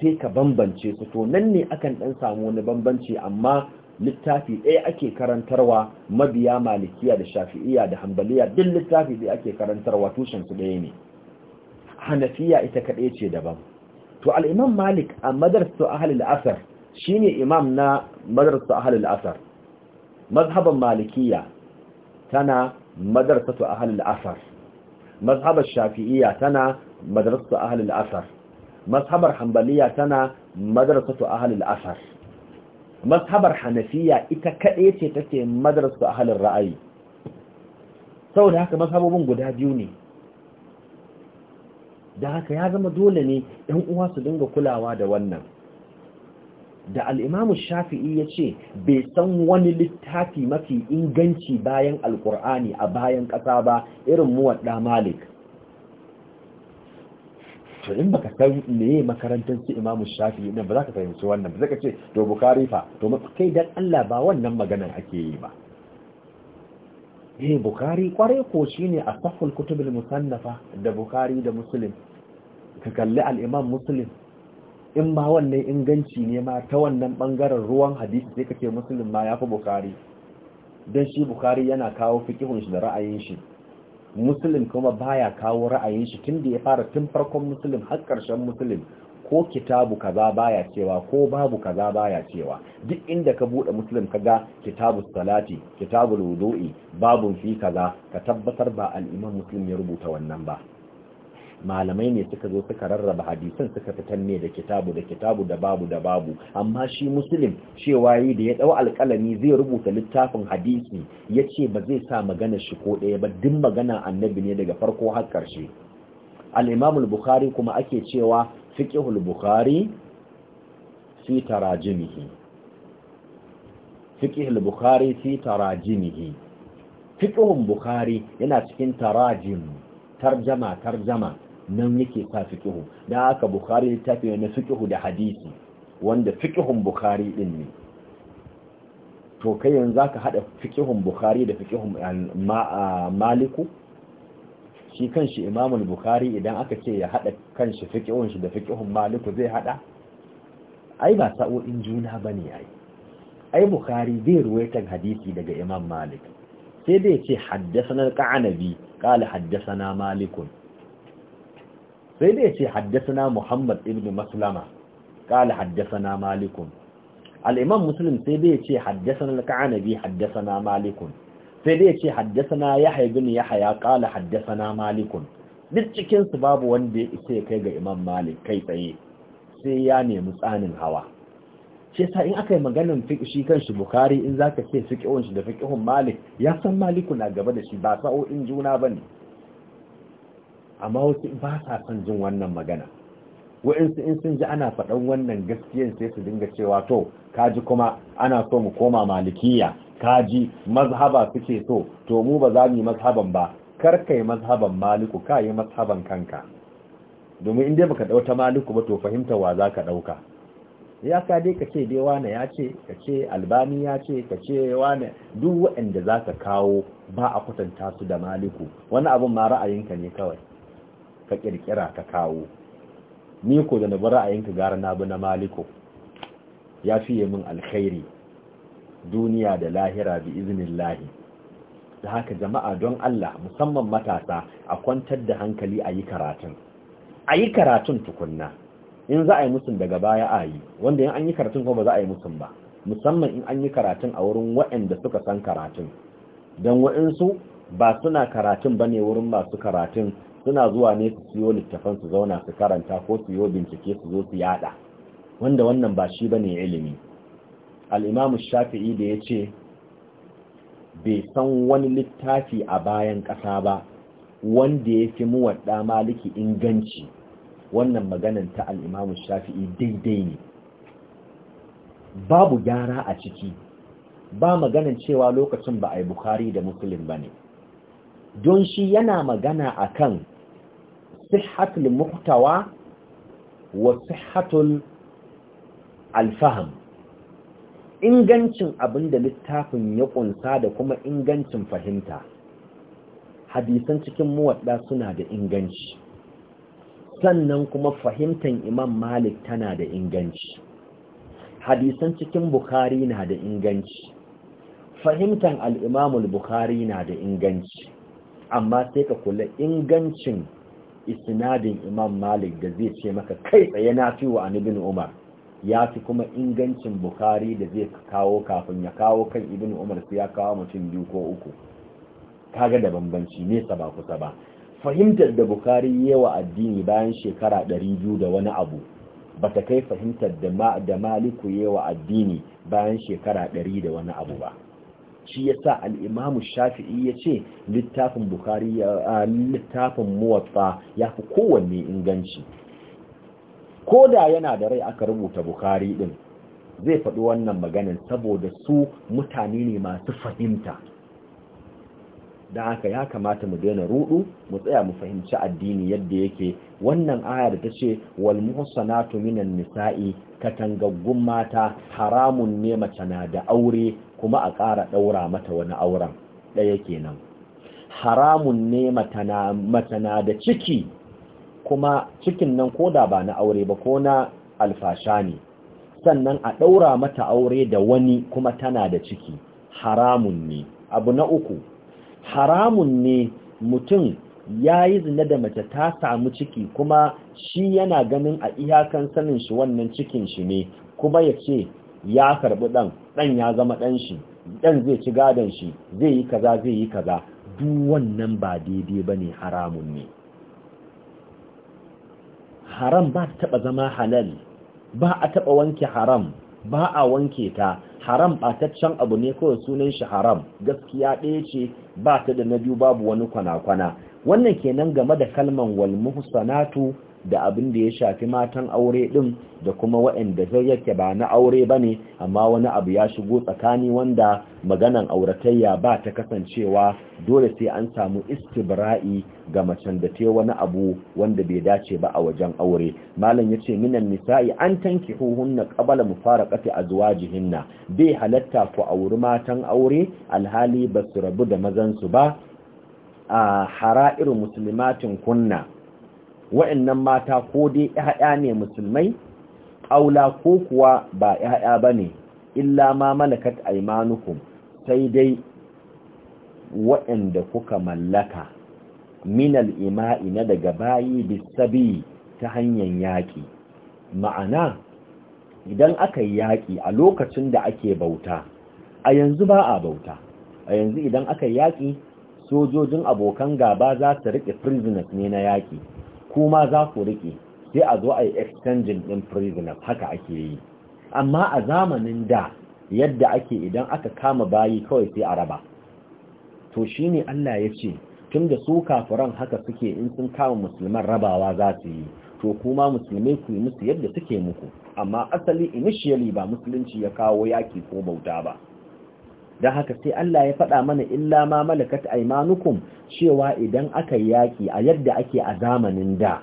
sai ka bambance su to nan ne akan dan samu wani bambanci amma littafi ɗaya ake karantarwa mabiya malikiya da shafi'iya da hambaliya duk littafi ɗaya ake karantarwa tushensu ɗaya ne hanafiya ita kaɗai ce daban to al'imam malik a madarsu ahalil asar shi ne imam na madarsu ahalil asar mazhaban malikiya tana madarsatu ahalil asar mazhabar shafi'iya tana madarsatu ahalil asar mazhabar hambaliya tana madarsatu ahalil asar mashabar hanafiya ita kaɗai ce take a halin ra'ayi saboda haka mashabobin guda biyu ne da haka ya zama dole ne 'yan uwa su dinga kulawa da wannan da al'imamu shafi'i ya ce bai san wani littafi mafi inganci bayan alƙur'ani a bayan ƙasa ba irin muwadda malik to in baka san meye makarantar su imamu shafi nan ba za ka fahimci wannan ba zaka ce to bukari fa to kai dan Allah ba wannan maganar ake yi ba eh bukari kware ko shine asaful kutubul musannafa da bukari da muslim ka kalli al-imam muslim in ma wannan inganci ne ma ta wannan bangaren ruwan hadisi sai kake muslim ma yafi bukari dan shi bukari yana kawo fikihun shi da ra'ayin shi Musulun kuma baya kawo ra'ayin shi tun da ya fara tun farkon Musulun, har ƙarshen Musulun, ko kitabu kaza baya cewa ko babu kaza baya cewa duk inda ka bude muslim ga kitabu salati kitabu wudu'i babun fi kaza ka tabbatar ba al-imam muslim ya rubuta wannan ba malamai ne suka zo suka rarraba hadisan suka fitan ne da kitabu da kitabu da babu da babu amma shi muslim cewa yi da ya dau alkalami zai rubuta littafin hadisi yace ba zai sa magana shi ko ɗaya ba duk magana annabi ne daga farko har ƙarshe al-imam al-bukhari kuma ake cewa fiqhul bukhari fi tarajimihi fiqhul bukhari fi tarajimihi fiqhul bukhari yana cikin tarajim tarjama tarjama nan yake sa fikihu da aka bukari littafi na fikihu da hadisi wanda fikihun bukari din ne to kai yanzu zaka hada fikihun bukari da fikihun eh, maliku shi kanshi imamul bukari idan aka ce ya hada kanshi fikihun shi da fikihun maliku zai hada ai ba sa'o'in juna bane ai ai bukari zai ruwaitan hadisi daga imam malik sai dai ce haddasa na ka'anabi kala haddasa na malikun sai dai ce haddasana Muhammad ibn Maslama kala Haddasa na malikun. imam Muslim sai dai ce haddasa na kaanabi na malikun. sai dai ce Haddasa haddasana Yahya haya Yahya haddasa na malikun duk cikinsu babu wanda ya isa kai ga Imam Malik kai tsaye sai ya nemi tsanin hawa shi sa in aka yi maganin shi kanshi Bukhari in zaka ce fikihun shi da fikihun Malik ya san Maliku na gaba da shi ba sa'o'in juna ba ne. amma wasu ba sa son jin wannan magana wa'insu in sun ji ana faɗan wannan gaskiyan sai su dinga cewa to kaji kuma ana so mu koma malikiya kaji mazhaba suke so to mu ba za mu yi mazhaban ba kar ka yi mazhaban maliku ka yi mazhaban kanka domin in dai baka ɗauta maliku ba to fahimta wa za ka ɗauka ya ka dai ka ce dai wane ya ce ka ce albani ya ce ka ce wane duk waɗanda za ka kawo ba a kwatanta su da maliku wani abun ma ra'ayinka ne kawai ka kirkira ka kawo ni ko da na bar ra'ayinka gara na bi na maliko ya fiye min alkhairi duniya da lahira bi iznillahi da haka jama'a don Allah musamman matasa a kwantar da hankali a yi karatun a yi karatun tukunna in za a yi musun daga baya ayi, wanda in an yi karatun kuma ba za a yi musun ba musamman in an yi karatun a wurin waɗanda suka san karatun Dan waɗansu ba suna karatun ba ne wurin masu karatun suna zuwa ne su siyo littafan su zauna su karanta ko su yi bincike su zo su yada wanda wannan ba shi bane ilimi al shafi'i da yace bai san wani littafi a bayan ƙasa ba wanda ya fi wadda maliki inganci wannan maganan ta al'imamu shafi'i daidai ne babu gyara a ciki ba maganan cewa lokacin ba a yi bukari da musulun ba ne don shi yana magana a kan sihatul muhtawa wa sihatul alfaham ingancin abin da littafin ya kunsa da kuma ingancin fahimta hadisan cikin muwadda suna da inganci sannan kuma fahimtan imam malik tana da inganci hadisan cikin bukhari na da inganci fahimtan al'imamul bukhari na da inganci amma sai ka kula ingancin isnadin imam malik da zai ce maka kai tsaye na fi wa ibn umar ya fi kuma ingancin bukari da zai kawo kafin ya kawo kan ibn umar sai ya kawo mutum biyu ko uku kaga da bambanci nesa ba kusa ba fahimtar da bukari yawa addini bayan shekara 200 da wani abu ba ta kai fahimtar da maliku yawa addini bayan shekara 100 da wani abu ba shi ya sa Alimamu Shafi'i ya ce littafin a littafin ya fi kowanne inganci ko da yana da rai aka rubuta Bukhari ɗin zai faɗi wannan maganin saboda su mutane ne masu fahimta da haka ya kamata mu daina rudu mu tsaya mu fahimci addini yadda yake wannan ayar ta ce wal muhsanatu minan nisa'i katangaggun mata haramun ne mace na da aure kuma a ƙara ɗaura mata wani auren ɗaya kenan haramun ne mata na da ciki kuma cikin nan ko da ba na aure ba ko na alfasha ne sannan a ɗaura mata aure da wani kuma tana da ciki haramun ne abu na uku haramun ne mutum ya yi zina da mace ta samu ciki kuma shi yana ganin a iyakan sanin shi wannan cikin shi ne kuma ya ce ya karbi ɗan ɗan ya zama ɗan shi ɗan zai ci gadon shi zai yi kaza zai yi kaza duk wannan ba daidai ba ne haramun ne haram ba ta taɓa zama halal ba a taɓa wanke haram ba a wanke ta haram ɓataccen abu ne kawai sunan shi haram gaskiya ɗaya ce ba ta da na biyu babu wani kwana-kwana wannan kenan game da kalman wal muhsanatu da abin da ya shafi matan aure din da kuma waɗanda zai yake ba na aure ba ne amma wani abu ya shigo tsakani wanda maganan auratayya ba ta kasancewa dole sai an samu istibra'i ga macen da ta wani abu wanda bai dace ba a wajen aure malam ya ce, minan nisa'i an tanki huhun na ƙabala mu fara tankihuhunna a zuwa jihinna bai halatta ku auri matan aure alhali ba su rabu da mazansu ba a hara irin musulmatin kunna wa'annan mata ko dai ‘ya'ya ne musulmai aula ko kuwa ba ‘ya'ya bane, illa ma malakat aimanukum sai dai wa'anda kuka mallaka minal ima'i na daga bayi bisabi ta hanyar yaƙi ma'ana idan aka yi yaƙi a lokacin da ake bauta a yanzu ba a bauta a yanzu idan aka yi yaƙi sojojin abokan gaba za su riƙe prisoners ne na yaƙi kuma za ku riƙe sai a zo a yi exchanging ɗin prisoner haka ake yi amma a zamanin da yadda ake idan aka kama bayi kawai sai a raba to shi ne Allah ya ce tun da su kafiran haka suke in sun kama musulman rabawa za su yi to kuma musulmai ku yi musu yadda suke muku amma asali initially ba musulunci ya kawo yaki ko bauta ba da haka sai Allah ya faɗa mana illa ma malakat aimanukum cewa idan aka yaƙi a yadda ake a zamanin da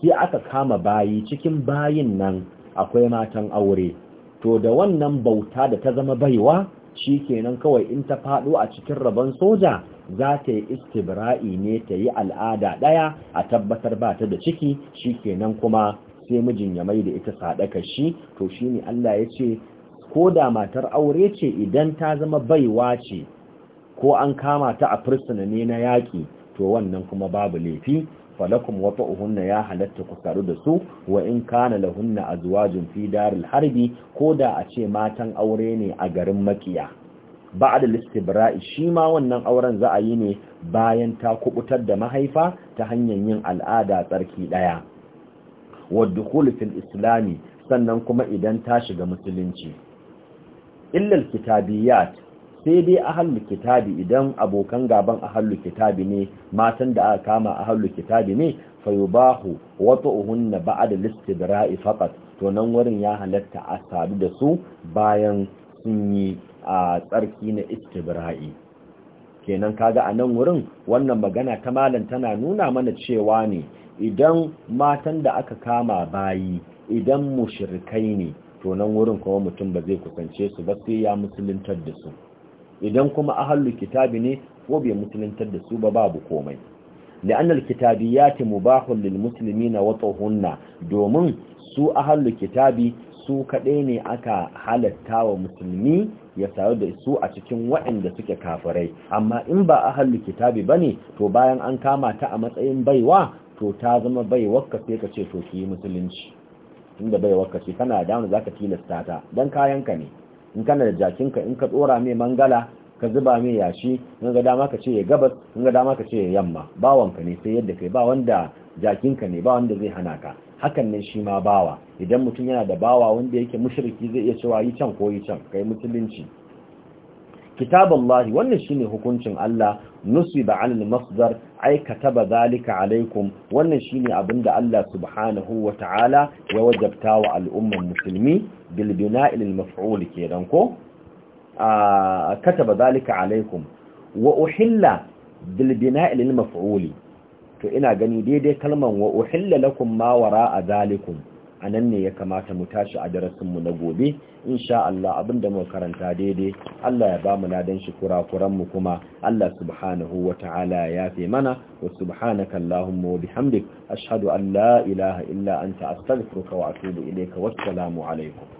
sai aka kama bayi cikin bayin nan akwai matan aure to da wannan bauta da ta zama baiwa shi kenan kawai in ta faɗo a cikin rabon soja za ta yi istibra'i ne ta yi al'ada ɗaya a tabbatar ba ta da ciki shikenan kuma sai mijin ya mai da ita sadaka shi to shi ne Allah ya ce ko da matar aure ce idan ta zama baiwa ce ko an kama ta a fursuna ne na yaƙi to wannan kuma babu laifi falakum wata uhunna ya halatta ku saru da su wa in kana lahunna azwajun fi daril harbi ko da a ce matan aure ne a garin makiya al-istibra'i shi ma wannan auren za a yi ne bayan ta kubutar da mahaifa ta hanyar yin al'ada tsarki daya wa dukhul fil islami sannan kuma idan ta shiga musulunci illal kitabiyat sai dai ahallu kitabi idan abokan gaban ahallu kitabi ne matan da aka kama ahallu kitabi ne fayubahu wata'uhunna ba'da listibra'i faqat to nan wurin ya halatta a sadu da su bayan sun yi a tsarki na istibra'i kenan kaga a nan wurin wannan magana ta malam tana nuna mana cewa ne idan matan da aka kama bayi idan mushrikai ne to nan wurin kuma mutum ba zai kusance su ba sai ya musuluntar da su idan kuma ahallu kitabi ne ko bai musuluntar da su ba babu komai kitabi ya لأن lil مباح للمسلمين وطهن domin su ahallu kitabi su kaɗai ne aka halatta wa musulmi ya sayar da su a cikin waɗanda suke kafirai amma in ba ahallu kitabi ba ne to bayan an kama ta a matsayin baiwa to ta zama baiwar ka sai ka ce to ki yi musulunci tunda bai wakka ce kana da za zaka tilasta ta dan kayan ka ne in kana da jakin ka in ka dora mai mangala ka zuba mai yashi in ga dama ka ce ya gabas in ga dama ka ce ya yamma bawanka ne sai yadda kai ba wanda ka ne ba wanda zai hana ka hakan ne shi ma bawa idan mutum yana da bawa wanda yake mushriki zai iya cewa yi can ko yi can kai musulunci kitaballahi wannan shine hukuncin Allah nusiba alal masdar ay kataba zalika alaikum wannan shine abinda Allah subhanahu ta'ala ya wajabta wa al'umman musulmi bil lil maf'ul kidan ko kataba zalika alaikum wa uhilla bil lil maf'ul to ina gani daidai kalman wa uhilla lakum ma wara'a zalikum a nan ne ya kamata mu tashi a darasinmu na gobe insha Allah abinda mu karanta daidai Allah ya ba mu ladan shi mu kuma Allah subhanahu wata'ala ya yafe mana wa subhanaka allahumma wa bihamdik ashhadu an la ilaha illa anta astaghfiruka wa atubu ilayka wassalamu alaikum